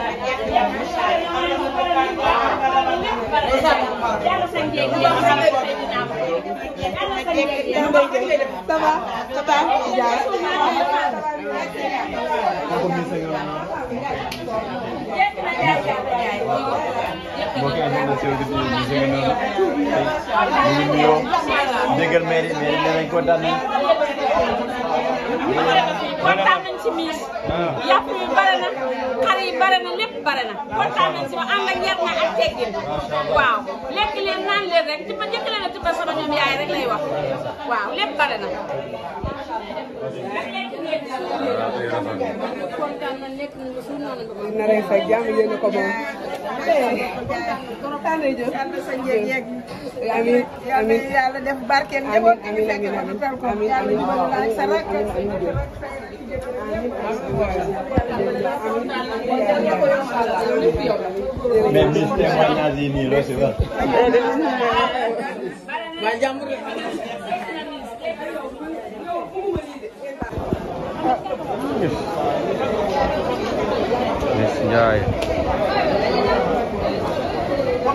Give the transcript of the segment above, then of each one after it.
Déggal mairie mairie nee nañ kontaan nañ kontaan nañ ci miis yàpp bare na xar bare na lépp bare na kontaan nañ ci ma ànd ak na ak teggin waaw a waaw lépp bare na na reen fa jàmm ko moom amiin amiin yàlla def barkeel njaboot gi fekk ko du tal ko yàlla ñu bëgg laaj sa rakk mais bis témoignage yi nii loo si wax Miss Ndiaye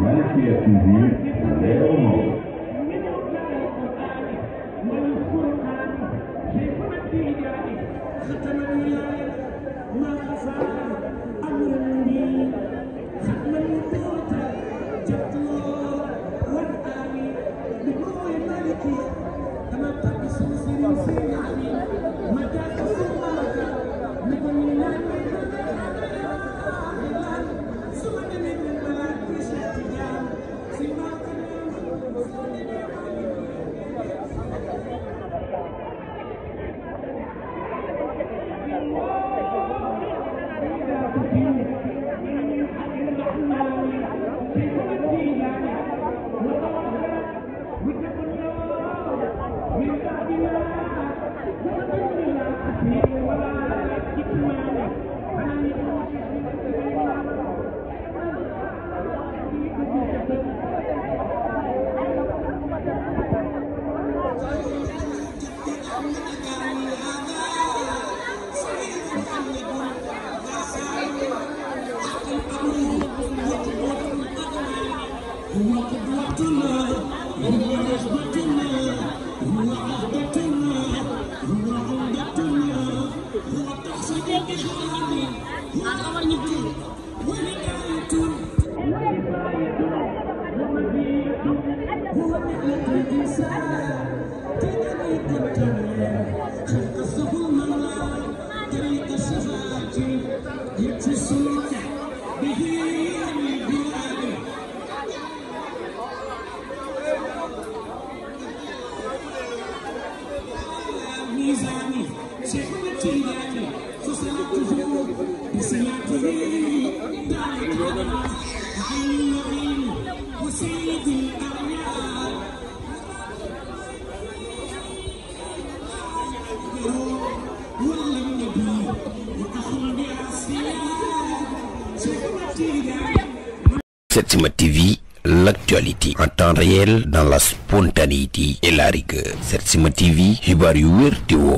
Malikia TV, Léo Moura. Thank you. Setsima TV, l'actualité en réel dans la spontanéité et la rigueur. Setsima TV, xibaar yu wér te woo